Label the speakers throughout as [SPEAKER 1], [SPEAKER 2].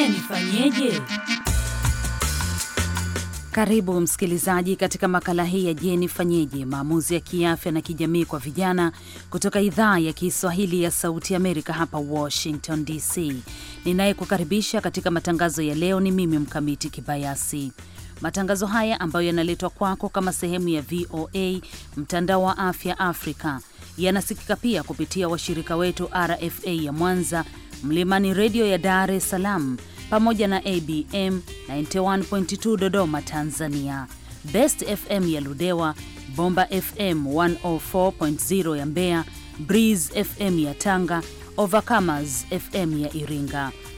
[SPEAKER 1] nifanyeje? Karibu msikilizaji katika makala hii ya Je, nifanyeje, maamuzi ya kiafya na kijamii kwa vijana kutoka idhaa ya Kiswahili ya Sauti Amerika hapa Washington DC. Ninayekukaribisha katika matangazo ya leo ni mimi Mkamiti Kibayasi. Matangazo haya ambayo yanaletwa kwako kama sehemu ya VOA mtandao wa afya Afrika yanasikika pia kupitia washirika wetu RFA ya Mwanza, Mlimani Redio ya Dar es Salaam, pamoja na ABM 91.2 Dodoma Tanzania, Best FM ya Ludewa, Bomba FM 104.0 ya Mbeya, Breeze FM ya Tanga, Overcomers FM ya Iringa,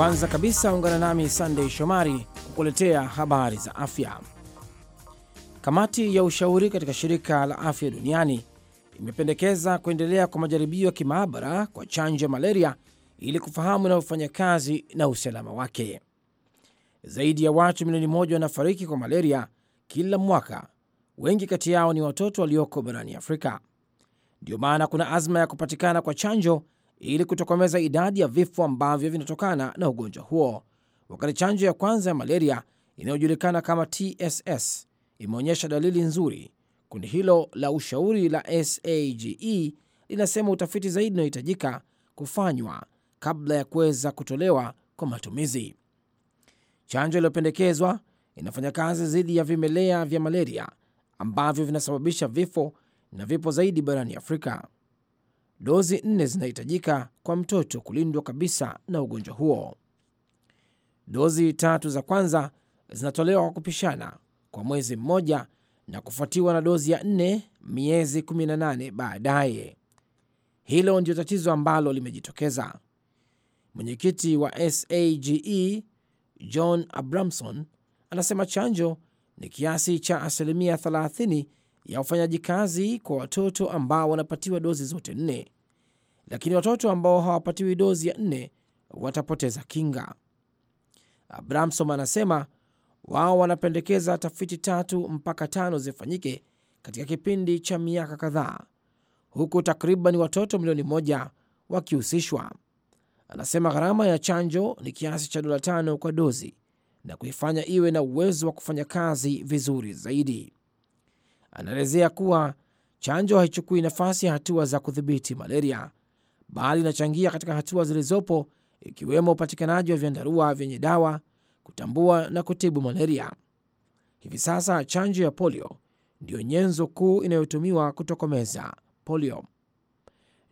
[SPEAKER 2] Kwanza kabisa ungana nami Sandey Shomari kukuletea habari za afya. Kamati ya ushauri katika shirika la afya duniani imependekeza kuendelea kwa majaribio ya kimaabara kwa chanjo ya malaria ili kufahamu inavyofanya kazi na usalama wake. Zaidi ya watu milioni moja wanafariki kwa malaria kila mwaka, wengi kati yao ni watoto walioko barani Afrika. ndio maana kuna azma ya kupatikana kwa chanjo ili kutokomeza idadi ya vifo ambavyo vinatokana na ugonjwa huo, wakati chanjo ya kwanza ya malaria inayojulikana kama TSS imeonyesha dalili nzuri. Kundi hilo la ushauri la SAGE linasema utafiti zaidi unaohitajika kufanywa kabla ya kuweza kutolewa kwa matumizi. Chanjo iliyopendekezwa inafanya kazi dhidi ya vimelea vya malaria ambavyo vinasababisha vifo na vipo zaidi barani Afrika dozi nne zinahitajika kwa mtoto kulindwa kabisa na ugonjwa huo. Dozi tatu za kwanza zinatolewa kwa kupishana kwa mwezi mmoja na kufuatiwa na dozi ya nne miezi 18 baadaye. Hilo ndio tatizo ambalo limejitokeza. Mwenyekiti wa SAGE John Abramson anasema chanjo ni kiasi cha asilimia 30 ya ufanyaji kazi kwa watoto ambao wanapatiwa dozi zote nne, lakini watoto ambao hawapatiwi dozi ya nne watapoteza kinga. Abramson anasema wao wanapendekeza tafiti tatu mpaka tano zifanyike katika kipindi cha miaka kadhaa, huku takriban watoto milioni moja wakihusishwa. Anasema gharama ya chanjo ni kiasi cha dola tano kwa dozi na kuifanya iwe na uwezo wa kufanya kazi vizuri zaidi anaelezea kuwa chanjo haichukui nafasi ya hatua za kudhibiti malaria, bali inachangia katika hatua zilizopo, ikiwemo upatikanaji wa vyandarua vyenye dawa, kutambua na kutibu malaria. Hivi sasa chanjo ya polio ndiyo nyenzo kuu inayotumiwa kutokomeza polio.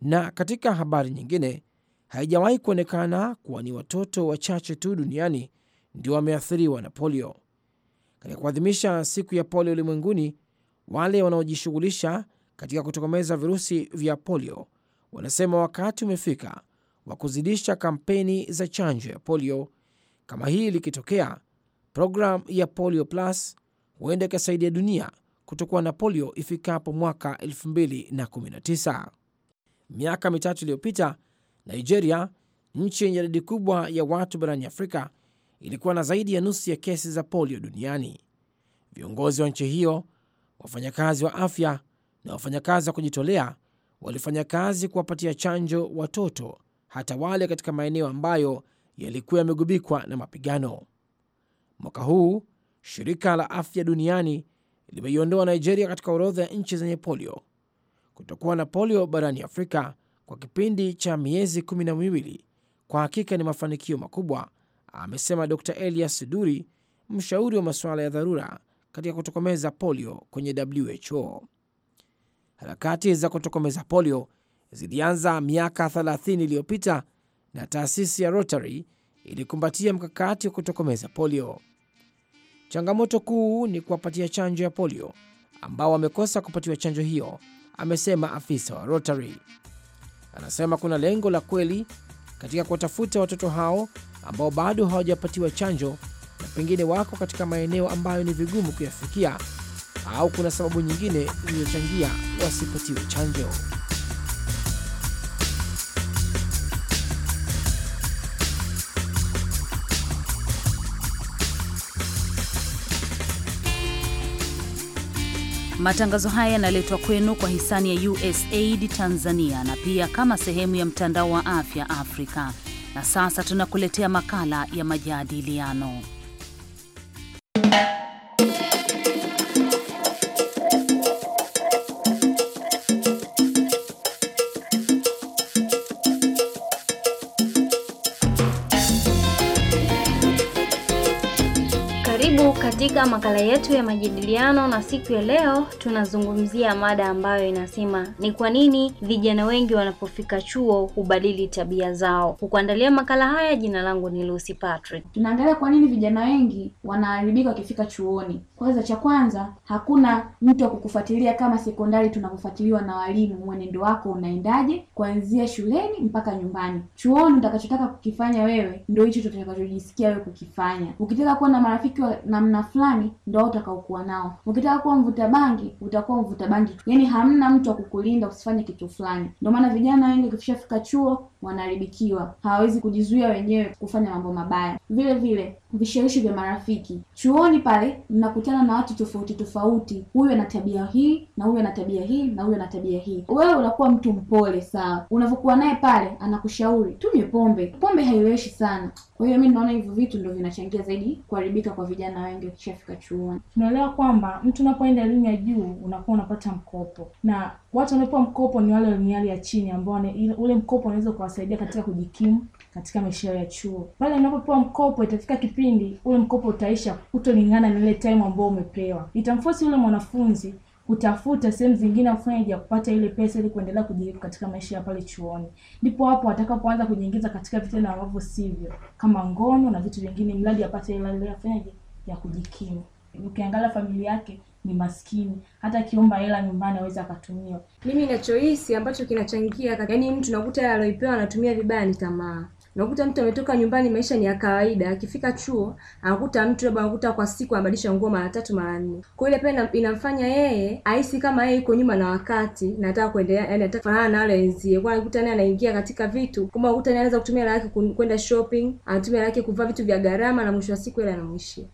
[SPEAKER 2] Na katika habari nyingine, haijawahi kuonekana kuwa ni watoto wachache tu duniani ndio wameathiriwa na polio. Katika kuadhimisha siku ya polio ulimwenguni, wale wanaojishughulisha katika kutokomeza virusi vya polio wanasema wakati umefika wa kuzidisha kampeni za chanjo ya polio. Kama hii likitokea, programu ya Polio Plus huenda ikasaidia dunia kutokuwa na polio ifikapo mwaka 2019. Miaka mitatu iliyopita, Nigeria, nchi yenye idadi kubwa ya watu barani Afrika, ilikuwa na zaidi ya nusu ya kesi za polio duniani. Viongozi wa nchi hiyo wafanyakazi wa afya na wafanyakazi wa kujitolea walifanya kazi kuwapatia chanjo watoto, hata wale katika maeneo ambayo yalikuwa yamegubikwa na mapigano. Mwaka huu shirika la afya duniani limeiondoa Nigeria katika orodha ya nchi zenye polio. Kutokuwa na polio barani Afrika kwa kipindi cha miezi kumi na miwili kwa hakika ni mafanikio makubwa, amesema Dr Elias Duri, mshauri wa masuala ya dharura katika kutokomeza polio kwenye WHO. Harakati za kutokomeza polio zilianza miaka 30 iliyopita na taasisi ya Rotary ilikumbatia mkakati wa kutokomeza polio. Changamoto kuu ni kuwapatia chanjo ya polio ambao wamekosa kupatiwa chanjo hiyo, amesema afisa wa Rotary. Anasema kuna lengo la kweli katika kuwatafuta watoto hao ambao bado hawajapatiwa chanjo pengine wako katika maeneo ambayo ni vigumu kuyafikia au kuna sababu nyingine iliyochangia wasipatiwe chanjo.
[SPEAKER 1] Matangazo haya yanaletwa kwenu kwa hisani ya USAID Tanzania na pia kama sehemu ya mtandao wa afya Afrika. Na sasa tunakuletea makala ya majadiliano.
[SPEAKER 3] Katika makala yetu ya majadiliano na siku ya leo tunazungumzia mada ambayo inasema ni kwa nini vijana wengi wanapofika chuo hubadili tabia zao. Kukuandalia makala haya, jina langu ni Lucy Patrick.
[SPEAKER 4] Tunaangalia kwa nini vijana wengi wanaharibika wakifika chuoni. Kwanza, cha kwanza, hakuna mtu wa kukufuatilia kama sekondari tunakufuatiliwa na walimu, mwenendo wako unaendaje kuanzia shuleni mpaka nyumbani. Chuoni utakachotaka kukifanya wewe ndio hicho tutakachojisikia wewe kukifanya. Ukitaka kuwa na marafiki wa namna fulani ndio utakaokuwa nao. Ukitaka kuwa mvuta bangi utakuwa mvuta bangi, yaani hamna mtu wa kukulinda usifanye kitu fulani. Ndio maana vijana wengi kishafika chuo wanaharibikiwa, hawawezi kujizuia wenyewe kufanya mambo mabaya. Vile vile vishawishi vya marafiki. Chuoni pale mnakutana na watu tofauti tofauti, huyu ana tabia hii na huyu ana tabia hii na huyu ana tabia hii. Wewe unakuwa mtu mpole, sawa. Unavyokuwa naye pale, anakushauri tumie pombe. Pombe haileweshi sana. Kwa hiyo mi naona hivyo vitu ndio vinachangia zaidi kuharibika kwa vijana wengi wakishafika chuoni. Tunaelewa kwamba mtu unapoenda elimu ya juu unakuwa unapata mkopo, na watu wanaopewa mkopo ni wale wenye hali ya chini, ambao ule mkopo unaweza kuwasaidia katika kujikimu katika maisha yao ya chuo. Pale unapopewa mkopo, itafika kipindi ule mkopo utaisha, kutolingana na ile time ambayo umepewa, itamfosi yule mwanafunzi kutafuta sehemu zingine afanye ya kupata ile pesa ili kuendelea kujiweka katika maisha ya pale chuoni. Ndipo hapo atakapoanza kujiingiza katika vitendo ambavyo sivyo, kama ngono na vitu vingine, mradi apate ile ile afanye ya kujikimu. Ukiangalia familia yake ni maskini, hata akiomba hela nyumbani aweza akatumia.
[SPEAKER 5] Mimi ninachohisi ambacho kinachangia, yaani mtu nakuta aliyopewa anatumia vibaya ni tamaa Unakuta mtu ametoka nyumbani, maisha ni ya kawaida, akifika chuo anakuta mtu labda anakuta kwa siku anabadilisha nguo mara tatu mara nne. Kwa ile pia inamfanya yeye ahisi kama yeye yuko nyuma na wakati, nataka kuendelea, yani nataka kufanana na wale wenzie. Kwa anakuta naye anaingia katika vitu, kumbe anakuta naye anaweza kutumia hela yake kwenda shopping, anatumia hela yake kuvaa vitu vya gharama, na mwisho wa siku ile anamwishia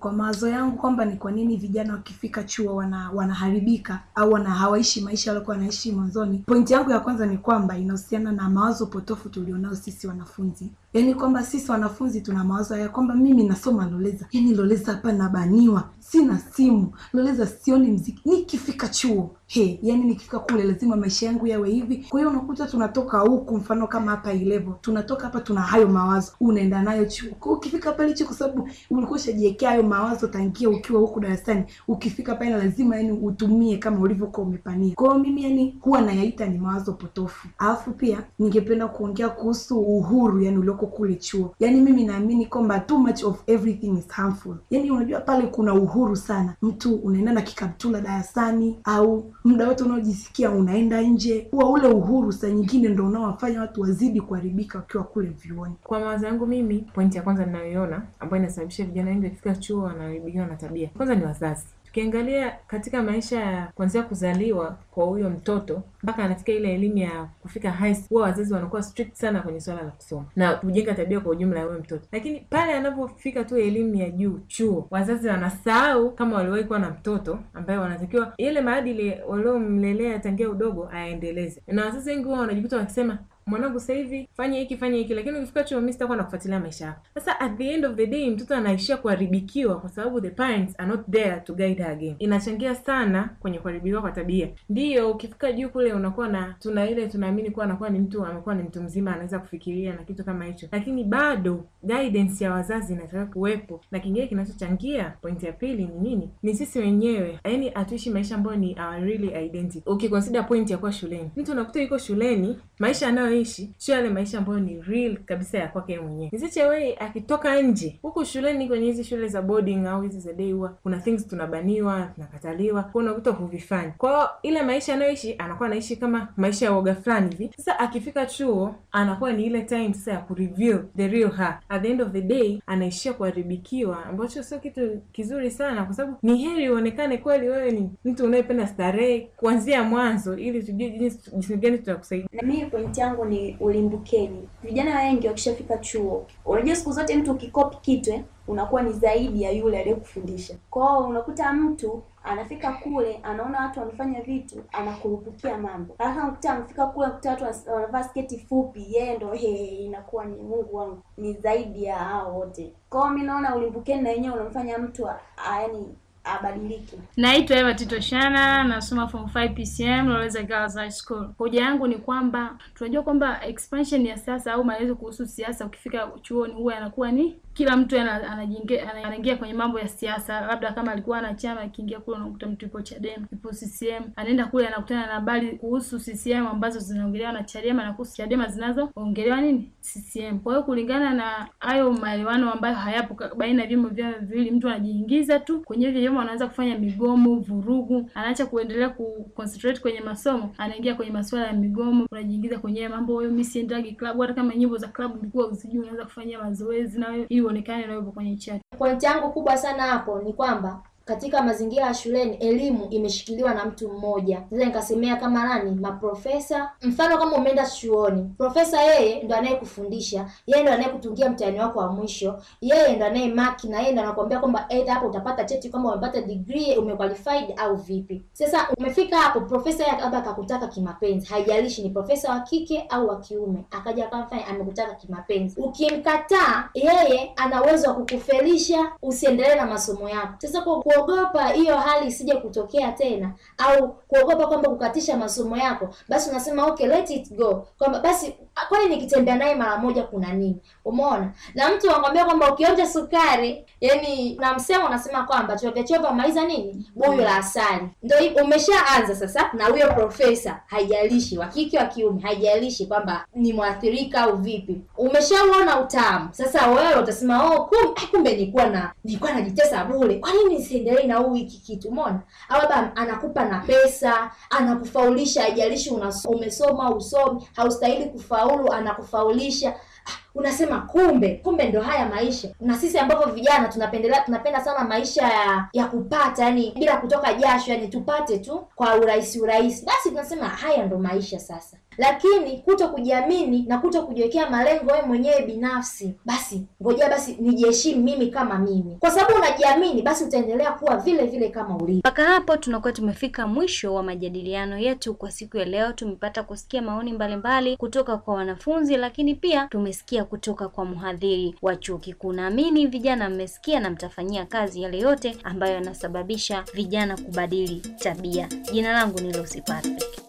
[SPEAKER 6] kwa mawazo yangu kwamba ni kwa nini vijana wakifika chuo wana, wanaharibika au wana hawaishi maisha walikuwa wanaishi mwanzoni. Pointi yangu ya kwanza ni kwamba inahusiana na mawazo potofu tulionao sisi wanafunzi yaani kwamba sisi wanafunzi tuna mawazo ya kwamba mimi nasoma Loleza, yaani Loleza hapa nabaniwa, sina simu Loleza, sioni mziki, nikifika chuo he, yani nikifika kule lazima maisha yangu yawe hivi. Kwa hiyo unakuta tunatoka huku, mfano kama hapa ilevo, tunatoka hapa tuna hayo mawazo, unaenda nayo chuo. Kwa ukifika pale chuo, kwa sababu ulikuwa ushajiwekea hayo mawazo tangia ukiwa huku darasani, ukifika pale lazima yani utumie kama ulivyokuwa umepania. Kwa hiyo mimi yani huwa nayaita ni mawazo potofu. Alafu pia ningependa kuongea kuhusu uhuru yani ulioko kule chuo. Yani mimi naamini kwamba too much of everything is harmful. Yani unajua pale kuna uhuru sana, mtu unaenda na kikaptula darasani au muda wote unaojisikia unaenda nje. Huwa ule uhuru saa nyingine ndo unaowafanya watu wazidi kuharibika wakiwa
[SPEAKER 7] kule vioni Kwa mawazo yangu mimi, pointi ya kwanza ninayoiona ambayo inasababisha vijana wengi wakifika chuo wanaharibikiwa na tabia, kwanza ni wazazi Ukiangalia katika maisha ya kuanzia kuzaliwa kwa huyo mtoto mpaka anafika ile elimu ya kufika high school, huwa wazazi wanakuwa strict sana kwenye swala la kusoma na kujenga tabia kwa ujumla ya huyo mtoto, lakini pale anapofika tu elimu ya juu, chuo, wazazi wanasahau kama waliwahi kuwa na mtoto ambaye wanatakiwa ile maadili waliomlelea tangia udogo aendeleze, na wazazi wengi huwa wanajikuta wakisema mwanangu, sasa hivi fanya hiki fanya hiki, lakini ukifika chuo mimi sitakuwa nakufuatilia maisha yako. Sasa at the end of the day mtoto anaishia kuharibikiwa kwa sababu the parents are not there to guide her again. Inachangia sana kwenye kuharibikiwa kwa tabia. Ndiyo, ukifika juu kule unakuwa na tuna ile tunaamini kuwa anakuwa ni mtu amekuwa ni mtu mzima anaweza kufikiria na kitu kama hicho, lakini bado guidance ya wazazi inataka kuwepo. Na kingine kinachochangia pointi ya pili ni nini? Ni sisi wenyewe, yaani hatuishi maisha ambayo ni our ah, really identity. okay, pointi ya kuwa shuleni, mtu unakuta yuko shuleni maisha anayo anayoishi sio yale maisha ambayo ni real kabisa ya kwake mwenyewe. Nziche Wei akitoka nje huku shuleni kwenye hizi shule za boarding au hizi za day huwa kuna things tunabaniwa, tunakataliwa, kwa unakuta huvifanyi. kwao ile maisha anayoishi anakuwa anaishi kama maisha ya woga fulani hivi. Sasa akifika chuo anakuwa ni ile time sasa ya kureveal the real her. At the end of the day anaishia kuharibikiwa, ambacho sio kitu kizuri sana, kwa sababu ni heri uonekane kweli wewe ni mtu unayependa starehe kuanzia mwanzo, ili tujue jinsi gani tutakusaidia. Na mii pointi yangu ni ulimbukeni. Vijana
[SPEAKER 4] wengi wakishafika chuo, unajua siku zote mtu ukikopi kitu eh, unakuwa ni zaidi ya yule
[SPEAKER 3] aliyekufundisha.
[SPEAKER 4] Kwao unakuta mtu anafika kule anaona watu wanafanya vitu, anakurupukia mambo. Halafu unakuta amefika kule, unakuta watu wanavaa sketi fupi, yeye ndo hey, inakuwa ni Mungu wangu, ni zaidi ya hao wote. Kwao mimi naona ulimbukeni na wenyewe unamfanya mtu
[SPEAKER 6] yaani abadiliki.
[SPEAKER 4] Naitwa Eva Tito Shana, nasoma form 5 PCM Loweza Girls High School. Hoja yangu ni kwamba tunajua kwamba expansion ya siasa au maelezo kuhusu siasa ukifika chuoni huwa yanakuwa ni kila mtu anaingia kwenye mambo ya siasa, labda kama alikuwa na chama, akiingia kule unakuta mtu yupo Chadema, yupo CCM, anaenda kule anakutana na habari kuhusu CCM ambazo zinaongelewa na Chadema na kuhusu Chadema zinazoongelewa nini CCM. Kwa hiyo kulingana na hayo maelewano ambayo hayapo baina ya vyombo vyao viwili, mtu anajiingiza tu kwenye hivyo vyombo, anaanza kufanya migomo, vurugu, anaacha kuendelea ku concentrate kwenye masomo, anaingia kwenye masuala ya migomo, unajiingiza kwenye mambo hayo. Mimi siendagi club, hata kama nyimbo za club ulikuwa usijui, unaanza kufanya mazoezi na wewe
[SPEAKER 3] uonekane na upo kwenye chat. Point yangu kubwa sana hapo ni kwamba katika mazingira ya shuleni elimu imeshikiliwa na mtu mmoja. naweza nikasemea kama nani, maprofesa. Mfano kama umeenda chuoni, profesa yeye ndo anayekufundisha, yeye ndo anayekutungia mtihani wako wa mwisho, yeye ndo anayemaki na yeye ndo anakuambia kwamba either hapo utapata cheti kama umepata degree, umequalified au vipi. Sasa umefika hapo, profesa yeye labda akakutaka kimapenzi, haijalishi ni profesa wa kike au wa kiume, akaja akamfanya amekutaka kimapenzi. Ukimkataa, yeye ana uwezo wa kukufelisha usiendelee na masomo yako. Sasa kwa kuogopa hiyo hali isije kutokea tena, au kuogopa kwamba kukatisha masomo yako, basi unasema okay let it go, kwamba basi Ah, kwani nikitembea naye mara moja kuna nini? Umeona, na mtu wangwambia kwamba ukionja sukari, yani na msemo unasema kwamba chovya chovya maliza nini buyu la asali. Ndio umeshaanza sasa, na huyo profesa, haijalishi wa kike wa kiume, haijalishi kwamba ni mwathirika au vipi, umeshaona utamu sasa. Wewe utasema oh, kum, eh, kumbe nilikuwa na nilikuwa najitesa bure, kwa nini nisiendelee na huu hiki kitu? Umeona, au labda anakupa na pesa, anakufaulisha, haijalishi umesoma usomi, haustahili kufaulu anakufaulu anakufaulisha ah, unasema kumbe kumbe ndo haya maisha. Na sisi ambavyo vijana tunapendelea tunapenda sana maisha ya ya kupata, yani bila kutoka jasho, yani tupate tu kwa urahisi urahisi, basi tunasema haya ndo maisha sasa lakini kuto kujiamini na kuto kujiwekea malengo wewe mwenyewe binafsi, basi ngoja basi nijiheshimu mimi kama mimi. Kwa sababu unajiamini, basi utaendelea kuwa vile vile kama ulivyo. Mpaka hapo tunakuwa tumefika mwisho wa majadiliano yetu kwa siku ya leo. Tumepata kusikia maoni mbalimbali kutoka kwa wanafunzi, lakini pia tumesikia kutoka kwa mhadhiri wa chuo kikuu. Naamini vijana mmesikia na mtafanyia kazi yale yote ambayo yanasababisha vijana kubadili tabia. Jina langu ni Lucy Patrick.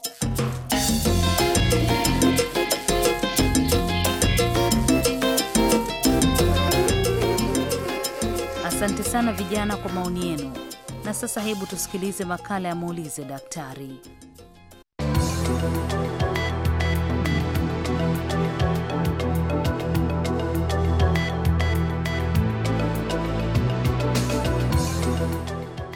[SPEAKER 1] Asante sana vijana kwa maoni yenu. Na sasa hebu tusikilize makala ya muulize daktari.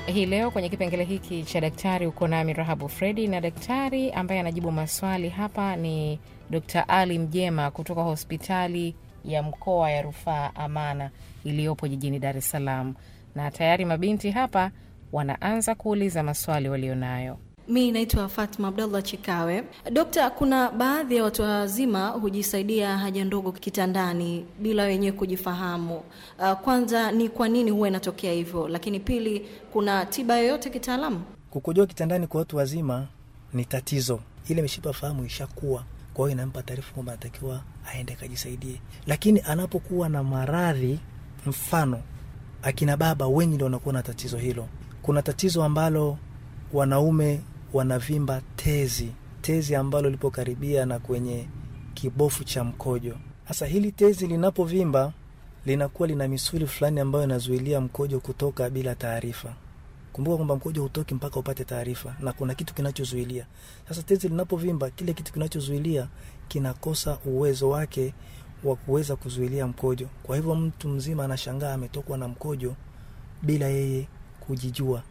[SPEAKER 5] Hii leo kwenye kipengele hiki cha daktari uko nami Rahabu Fredi, na daktari ambaye anajibu maswali hapa ni Dr. Ali Mjema kutoka hospitali ya mkoa ya rufaa Amana iliyopo jijini Dar es Salaam, na tayari mabinti hapa wanaanza kuuliza maswali walionayo. Mi naitwa Fatma
[SPEAKER 6] Abdallah Chikawe. Dokta, kuna baadhi ya watu wazima hujisaidia haja ndogo kitandani bila wenyewe kujifahamu. Ah, kwanza ni kwa nini huwa inatokea hivyo, lakini pili, kuna tiba yoyote kitaalamu?
[SPEAKER 8] Kukojoa kitandani kwa watu wazima ni tatizo, ile mishipa fahamu ishakuwa, kwa hiyo inampa taarifa kwamba anatakiwa aende akajisaidie, lakini anapokuwa na maradhi Mfano, akina baba wengi ndio wanakuwa na tatizo hilo. Kuna tatizo ambalo wanaume wanavimba tezi, tezi ambalo lipokaribia na kwenye kibofu cha mkojo. Sasa hili tezi linapovimba linakuwa lina misuli fulani ambayo inazuilia mkojo kutoka bila taarifa. Kumbuka kwamba mkojo hutoki mpaka upate taarifa, na kuna kitu kinachozuilia. Sasa tezi linapovimba, kile kitu kinachozuilia kinakosa uwezo wake wa kuweza kuzuilia mkojo. Kwa hivyo mtu mzima anashangaa ametokwa na mkojo bila yeye kujijua.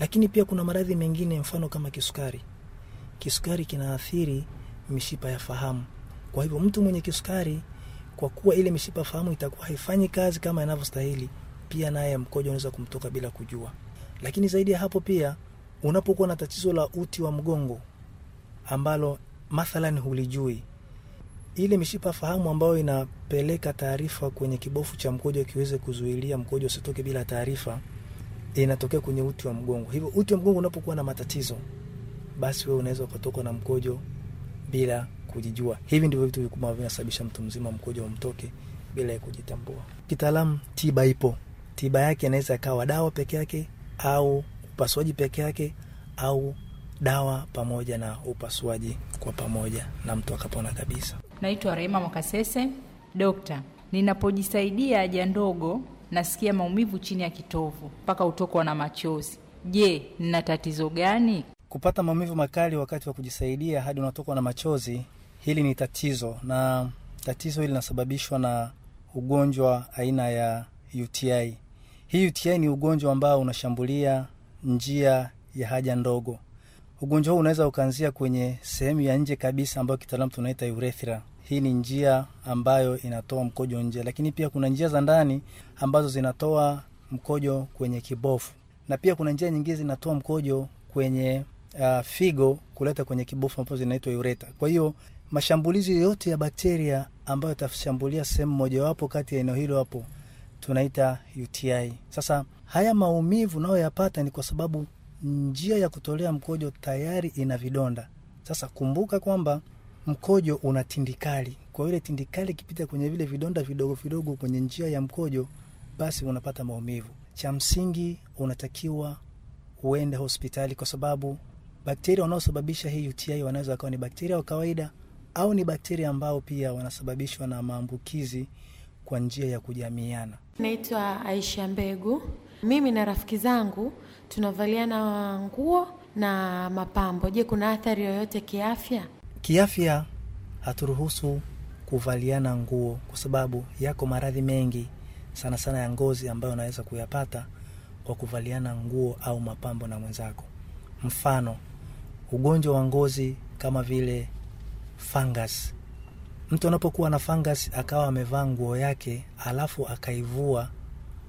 [SPEAKER 8] Lakini pia kuna maradhi mengine, mfano kama kisukari. Kisukari kinaathiri mishipa ya fahamu. Kwa hivyo mtu mwenye kisukari, kwa kuwa ile mishipa fahamu itakuwa haifanyi kazi kama inavyostahili, pia naye mkojo unaweza kumtoka bila kujua. Lakini zaidi ya hapo, pia unapokuwa na tatizo la uti wa mgongo ambalo mathalan hulijui ile mishipa fahamu ambayo inapeleka taarifa kwenye kibofu cha mkojo kiweze kuzuilia mkojo usitoke bila taarifa inatokea kwenye uti wa mgongo. Hivyo uti wa mgongo unapokuwa na matatizo, basi wewe unaweza ukatoka na mkojo bila kujijua. Hivi ndivyo vitu vikubwa ambavyo vinasababisha mtu mzima mkojo umtoke bila kujitambua. Kitaalamu tiba ipo, tiba yake inaweza ikawa dawa peke yake au upasuaji peke yake au dawa pamoja na upasuaji kwa pamoja, na mtu akapona kabisa.
[SPEAKER 5] Naitwa Rehema Mwakasese. Dokta, ninapojisaidia haja ndogo nasikia maumivu chini ya kitovu mpaka utokwa na machozi. Je, nina tatizo gani?
[SPEAKER 8] Kupata maumivu makali wakati wa kujisaidia hadi unatokwa na machozi, hili ni tatizo, na tatizo hili linasababishwa na ugonjwa aina ya UTI. Hii UTI ni ugonjwa ambao unashambulia njia ya haja ndogo. Ugonjwa huu unaweza ukaanzia kwenye sehemu ya nje kabisa ambayo kitaalamu tunaita urethra hii ni njia ambayo inatoa mkojo nje, lakini pia kuna njia za ndani ambazo zinatoa mkojo kwenye kibofu, na pia kuna njia nyingine zinatoa mkojo kwenye uh, figo kuleta kwenye kibofu ambazo zinaitwa ureta. Kwa hiyo mashambulizi yote ya bakteria ambayo itashambulia sehemu mojawapo kati ya eneo hilo hapo tunaita UTI. Sasa haya maumivu unayoyapata ni kwa sababu njia ya kutolea mkojo tayari ina vidonda. Sasa kumbuka kwamba mkojo una tindikali, kwa ile tindikali ikipita kwenye vile vidonda vidogo vidogo kwenye njia ya mkojo, basi unapata maumivu. Cha msingi unatakiwa uende hospitali, kwa sababu bakteria wanaosababisha hii UTI wanaweza wakawa ni bakteria wa kawaida au ni bakteria ambao pia wanasababishwa na maambukizi kwa njia ya kujamiana.
[SPEAKER 9] Naitwa Aisha Mbegu. Mimi na rafiki zangu tunavaliana nguo na mapambo. Je, kuna athari yoyote kiafya?
[SPEAKER 8] Kiafya haturuhusu kuvaliana nguo kwa sababu yako maradhi mengi sana sana ya ngozi ambayo unaweza kuyapata kwa kuvaliana nguo au mapambo na mwenzako. Mfano, ugonjwa wa ngozi kama vile fungus. Mtu anapokuwa na fungus akawa amevaa nguo yake alafu akaivua,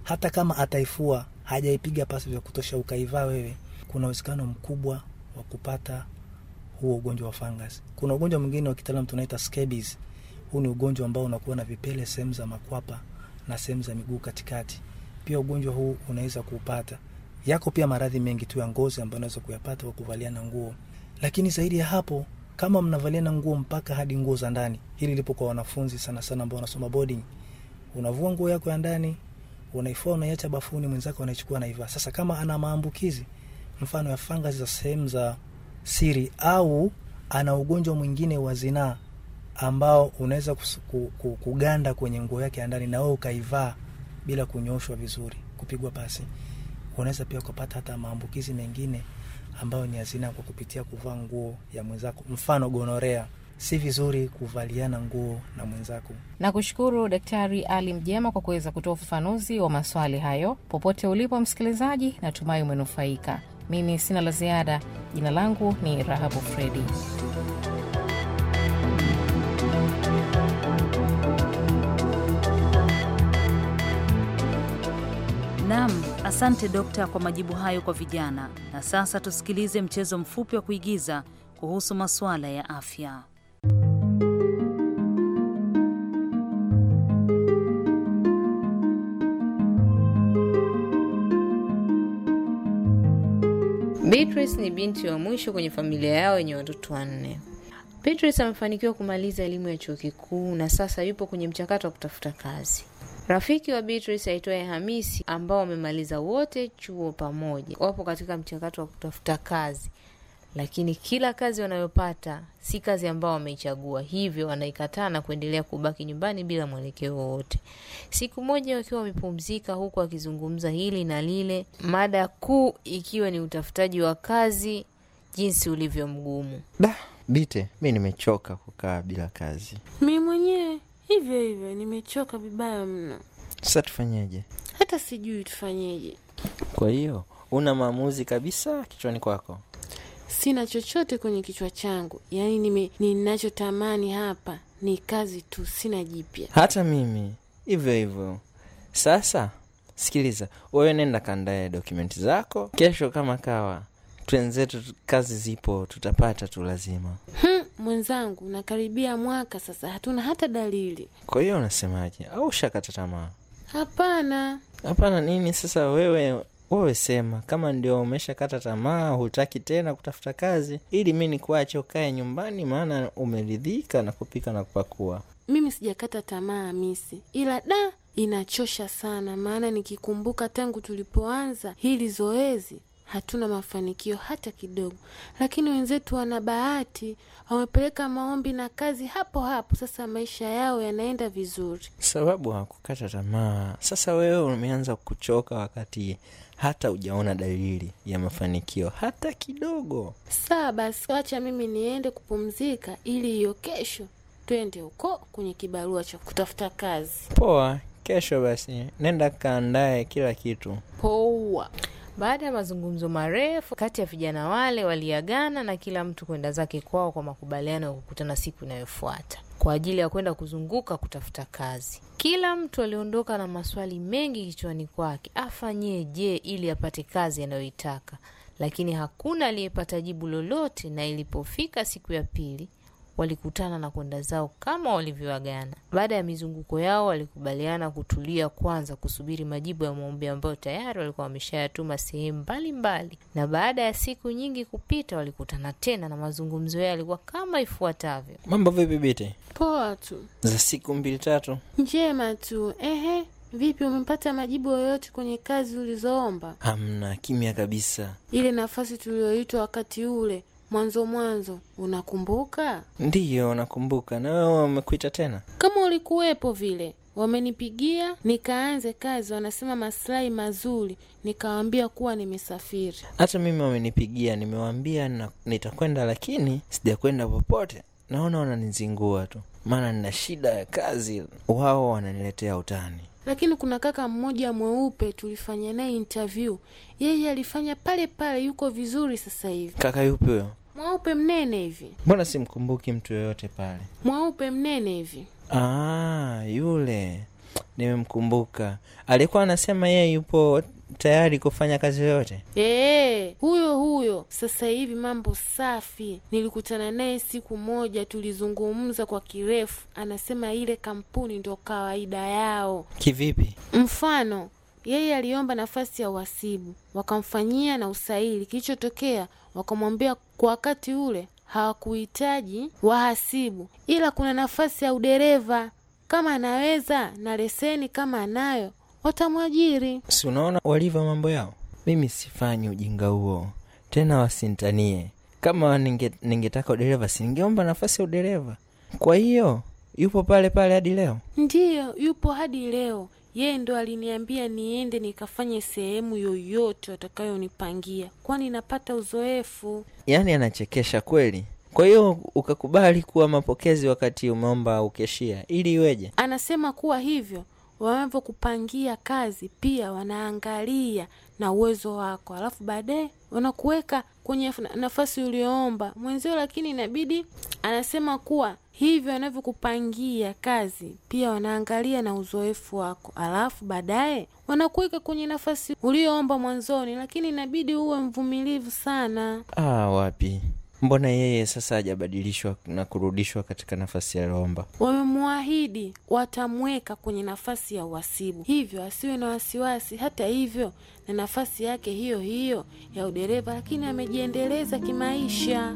[SPEAKER 8] hata kama ataifua hajaipiga pasi vya kutosha ukaivaa wewe, kuna uwezekano mkubwa wa kupata huo ugonjwa wa fungus. Kuna ugonjwa mwingine wa kitaalamu tunaita scabies. Huu ni ugonjwa ambao unakuwa na vipele sehemu za makwapa na sehemu za miguu katikati. Pia ugonjwa huu unaweza kuupata. Yako pia maradhi mengi tu ya ngozi ambayo unaweza kuyapata kwa kuvaliana nguo, lakini zaidi ya hapo, kama mnavaliana nguo mpaka hadi nguo za ndani, hili lipo kwa wanafunzi sana sana ambao wanasoma boarding. Unavua nguo yako ya ndani, unaifua, unaiacha bafuni, mwenzako anaichukua, anaivaa. Sasa kama ana maambukizi mfano ya fangasi za sehemu za siri au ana ugonjwa mwingine wa zinaa ambao unaweza kuganda kwenye nguo yake ya ndani na wewe ukaivaa bila kunyoshwa vizuri, kupigwa pasi, unaweza pia ukapata hata maambukizi mengine ambayo ni ya kwa kupitia kuvaa nguo ya mwenzako, mfano gonorea. Si vizuri kuvaliana nguo na mwenzako.
[SPEAKER 5] Na kushukuru Daktari Ali Mjema kwa kuweza kutoa ufafanuzi wa maswali hayo. Popote ulipo msikilizaji, natumai umenufaika. Mimi sina la ziada. Jina langu ni Rahabu Fredi.
[SPEAKER 1] nam asante dokta kwa majibu hayo kwa vijana. Na sasa tusikilize mchezo mfupi wa kuigiza kuhusu masuala ya afya.
[SPEAKER 5] Beatrice ni binti wa mwisho kwenye familia yao yenye watoto wanne. Beatrice amefanikiwa kumaliza elimu ya chuo kikuu na sasa yupo kwenye mchakato wa kutafuta kazi. Rafiki wa Beatrice aitwaye Hamisi ambao wamemaliza wote chuo pamoja, wapo katika mchakato wa kutafuta kazi lakini kila kazi wanayopata si kazi ambao wameichagua, hivyo wanaikataa na kuendelea kubaki nyumbani bila mwelekeo wowote. Siku moja wakiwa wamepumzika, huku wakizungumza hili na lile, mada kuu ikiwa ni utafutaji wa kazi jinsi ulivyo mgumu. Da
[SPEAKER 10] Bite, mi nimechoka kukaa bila kazi.
[SPEAKER 5] Mi mwenyewe
[SPEAKER 9] hivyo hivyo, nimechoka vibaya mno.
[SPEAKER 10] Sasa tufanyeje?
[SPEAKER 9] Hata sijui tufanyeje.
[SPEAKER 10] Kwa hiyo una maamuzi kabisa kichwani kwako?
[SPEAKER 9] sina chochote kwenye kichwa changu, yaani ninachotamani hapa ni kazi tu, sina jipya.
[SPEAKER 10] Hata mimi hivyo hivyo. Sasa sikiliza, wewe nenda kandae dokumenti zako, kesho kama kawa twenzetu, kazi zipo, tutapata tu lazima.
[SPEAKER 9] Hmm, mwenzangu, nakaribia mwaka sasa, hatuna hata dalili.
[SPEAKER 10] Kwa hiyo unasemaje, au shakata tamaa?
[SPEAKER 9] Hapana,
[SPEAKER 10] hapana nini? Sasa wewe wewe sema kama ndio umeshakata tamaa, hutaki tena kutafuta kazi, ili mi nikuache ukae nyumbani, maana umeridhika na kupika na kupakua.
[SPEAKER 9] Mimi sijakata tamaa misi ila da inachosha sana, maana nikikumbuka tangu tulipoanza hili zoezi hatuna mafanikio hata kidogo, lakini wenzetu wana bahati, wamepeleka maombi na kazi hapo hapo. Sasa maisha yao yanaenda vizuri.
[SPEAKER 10] Sababu hakukata tamaa. Sasa wewe umeanza kuchoka wakati hata ujaona dalili ya mafanikio hata kidogo.
[SPEAKER 9] Saa basi, wacha mimi niende kupumzika, ili hiyo kesho twende huko kwenye kibarua cha kutafuta kazi.
[SPEAKER 10] Poa, kesho basi nenda kaandaye kila kitu.
[SPEAKER 5] Poa. Baada ya mazungumzo marefu kati ya vijana wale, waliagana na kila mtu kwenda zake kwao kwa makubaliano ya kukutana siku inayofuata kwa ajili ya kwenda kuzunguka kutafuta kazi. Kila mtu aliondoka na maswali mengi kichwani kwake, afanyeje ili apate kazi anayoitaka, lakini hakuna aliyepata jibu lolote. Na ilipofika siku ya pili walikutana na kwenda zao kama walivyoagana. Baada ya mizunguko yao, walikubaliana kutulia kwanza, kusubiri majibu ya maombi ambayo tayari walikuwa wameshayatuma sehemu mbalimbali. Na baada ya siku nyingi kupita, walikutana tena na mazungumzo yao yalikuwa kama ifuatavyo.
[SPEAKER 10] Mambo vipi Bete?
[SPEAKER 5] Poa tu.
[SPEAKER 10] Za siku mbili tatu?
[SPEAKER 9] Njema tu. Ehe, Vipi, umepata majibu yoyote kwenye kazi ulizoomba?
[SPEAKER 10] Hamna, kimya kabisa.
[SPEAKER 9] Ile nafasi tulioitwa wakati ule mwanzo mwanzo, unakumbuka?
[SPEAKER 10] Ndiyo, nakumbuka. Na wewe wamekuita tena?
[SPEAKER 9] Kama ulikuwepo vile wamenipigia nikaanze kazi, wanasema masilahi mazuri, nikawambia kuwa nimesafiri.
[SPEAKER 10] Hata mimi wamenipigia, nimewambia nitakwenda, lakini sijakwenda popote. Naona wananizingua tu, maana nina shida ya kazi, wao wananiletea utani.
[SPEAKER 9] Lakini kuna kaka mmoja mweupe tulifanya naye intevyu yeye alifanya pale pale, yuko vizuri sasa hivi.
[SPEAKER 10] Kaka yupi huyo?
[SPEAKER 9] mweupe mnene hivi.
[SPEAKER 10] Mbona simkumbuki mtu yoyote pale?
[SPEAKER 9] Mweupe mnene hivi.
[SPEAKER 10] Ah, yule nimemkumbuka. Alikuwa anasema yeye yupo tayari kufanya kazi yoyote.
[SPEAKER 9] Eee, huyo huyo. Sasa hivi mambo safi. Nilikutana naye siku moja, tulizungumza kwa kirefu. Anasema ile kampuni ndo kawaida yao. Kivipi? Mfano, yeye aliomba nafasi ya uhasibu, wakamfanyia na usaili. Kilichotokea wakamwambia kwa wakati ule hawakuhitaji wahasibu, ila kuna nafasi ya udereva, kama anaweza na leseni kama anayo watamwajiri.
[SPEAKER 10] Si unaona walivyo mambo yao? Mimi sifanyi ujinga huo tena, wasintanie. Kama ningetaka ninge udereva, singeomba nafasi ya udereva? Kwa hiyo yupo pale pale hadi leo?
[SPEAKER 9] Ndiyo, yupo hadi leo. Yeye ndo aliniambia niende nikafanye sehemu yoyote watakayonipangia, kwani napata uzoefu.
[SPEAKER 10] Yaani anachekesha kweli. Kwa hiyo ukakubali kuwa mapokezi wakati umeomba ukeshia, ili iweje?
[SPEAKER 9] Anasema kuwa hivyo wanavyokupangia kazi pia wanaangalia na uwezo wako, alafu baadaye wanakuweka kwenye nafasi uliyoomba mwenzio, lakini inabidi anasema kuwa Hivyo wanavyokupangia kazi pia wanaangalia na uzoefu wako, alafu baadaye wanakuweka kwenye nafasi uliyoomba mwanzoni, lakini inabidi uwe mvumilivu sana.
[SPEAKER 10] Ah, wapi Mbona yeye sasa hajabadilishwa na kurudishwa katika nafasi ya
[SPEAKER 9] Wamemwahidi watamweka kwenye nafasi ya uhasibu, hivyo asiwe na wasiwasi. Hata hivyo na nafasi yake hiyo hiyo ya udereva, lakini amejiendeleza kimaisha.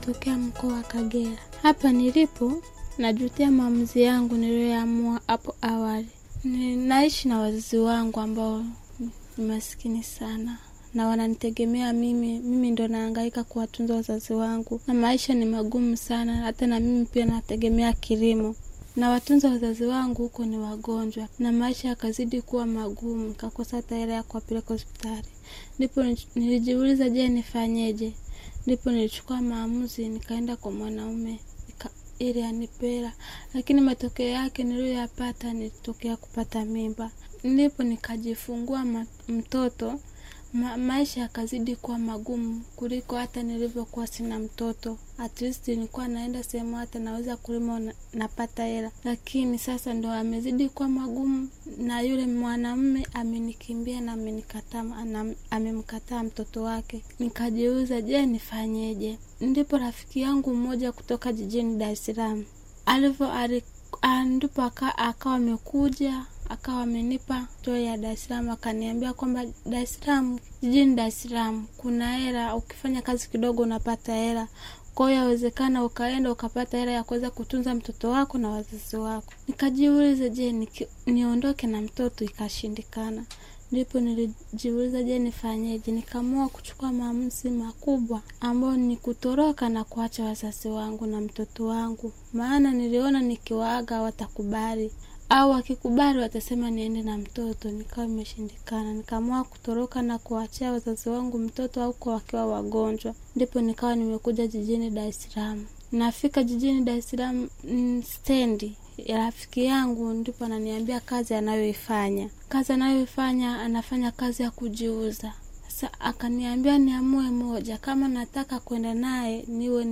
[SPEAKER 4] natokea mkoa wa Kagera. Hapa nilipo najutia maamuzi yangu niliyoamua hapo awali. Ni naishi na wazazi wangu ambao ni masikini sana na wananitegemea mimi. Mimi ndo naangaika kuwatunza wazazi wangu, na maisha ni magumu sana. Hata na mimi pia nategemea kilimo na watunza wazazi wangu huko ni wagonjwa, na maisha yakazidi kuwa magumu, nikakosa hata hela ya kuwapeleka hospitali. Ndipo nilijiuliza, je, nifanyeje? Ndipo nilichukua maamuzi nikaenda kwa mwanaume ili anipera, lakini matokeo yake niliyoyapata nilitokea kupata mimba. Ndipo nikajifungua mtoto Ma maisha yakazidi kuwa magumu kuliko hata nilivyokuwa sina mtoto. At least nilikuwa naenda sehemu hata naweza kulima na, napata hela, lakini sasa ndo amezidi kuwa magumu, na yule mwanamume amenikimbia na amenikataa, amemkataa mtoto wake. Nikajiuza, je, nifanyeje? Ndipo rafiki yangu mmoja kutoka jijini Dar es Salaam alivyo, ndipo akawa amekuja akawa amenipa to ya Dar es Salaam, akaniambia kwamba Dar es Salaam, jijini Dar es Salaam kuna hela, ukifanya kazi kidogo unapata hela kwa hiyo yawezekana ukaenda ukapata hela ya kuweza kutunza mtoto wako na wazazi wako. Nikajiuliza, je, niondoke na mtoto? Ikashindikana. Ndipo nilijiuliza, je, nifanyeje? Nikaamua kuchukua maamuzi makubwa ambayo ni kutoroka na kuacha wazazi wangu na mtoto wangu, maana niliona nikiwaaga watakubali au akikubali watasema niende na mtoto, nikawa imeshindikana. Nikaamua kutoroka na kuwachia wazazi wangu mtoto, auko wakiwa wagonjwa. Ndipo nikawa nimekuja jijini Dar es Salaam. Nafika jijini Dar es Salaam mm, stendi ya rafiki yangu, ndipo ananiambia kazi anayoifanya. Kazi anayoifanya anafanya kazi ya kujiuza sasa akaniambia niamue moja, kama nataka kwenda naye niwe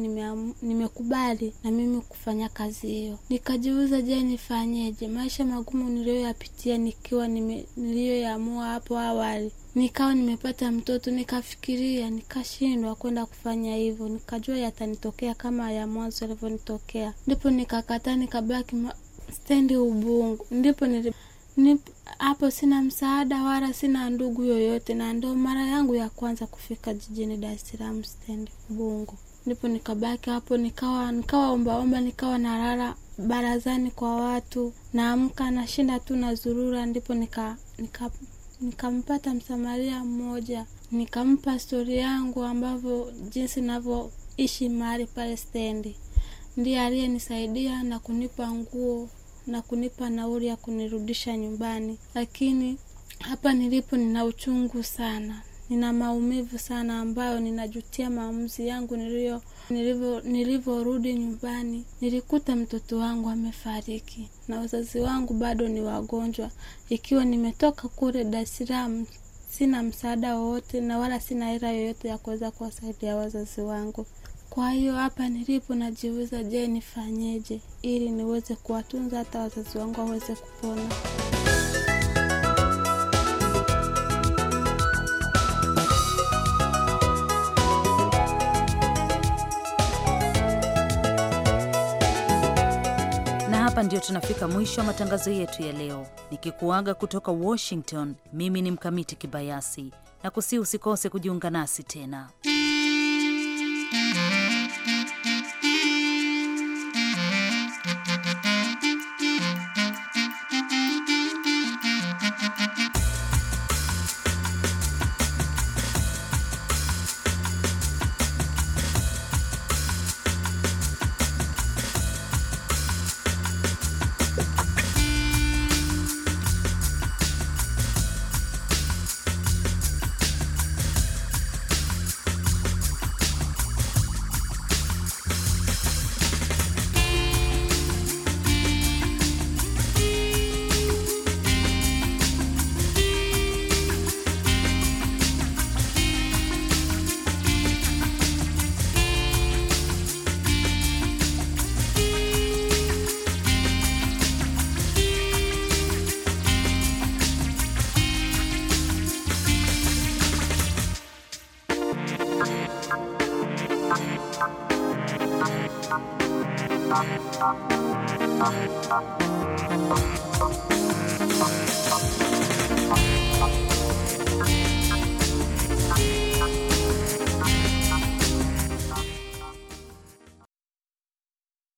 [SPEAKER 4] nimekubali na mimi kufanya kazi hiyo. Nikajiuza, je, nifanyeje? Maisha magumu niliyoyapitia nikiwa niliyoyamua hapo awali nikawa nimepata mtoto, nikafikiria, nikashindwa kwenda kufanya hivyo. Nikajua yatanitokea kama ya mwanzo yalivyonitokea, ndipo nikakataa, nikabaki stendi ubungu ndipo nili hapo sina msaada wala sina ndugu yoyote, na ndo mara yangu ya kwanza kufika jijini Dar Salaam stendi bungu Ndipo nikabaki hapo, nikawa nikawa ombaomba, nikawa nalala barazani kwa watu, naamka nashinda tu na zurura. Ndipo nika, nika msamaria mmoja, nikampa stori yangu ambavyo jinsi navyoishi mahali pale stendi. Ndiye aliyenisaidia na kunipa nguo na kunipa nauri ya kunirudisha nyumbani, lakini hapa nilipo nina uchungu sana, nina maumivu sana ambayo ninajutia maamuzi yangu nilio nilivyorudi nyumbani. Nilikuta mtoto wangu amefariki na wazazi wangu bado ni wagonjwa, ikiwa nimetoka kule Dar es Salaam sina msaada wowote na wala sina hela yoyote ya kuweza kuwasaidia wazazi wangu. Kwa hiyo hapa nilipo najiuliza, je, nifanyeje ili niweze kuwatunza hata wazazi wangu waweze kupona?
[SPEAKER 1] Ndio tunafika mwisho wa matangazo yetu ya leo, nikikuaga kutoka Washington. Mimi ni Mkamiti Kibayasi na kusi, usikose kujiunga nasi tena.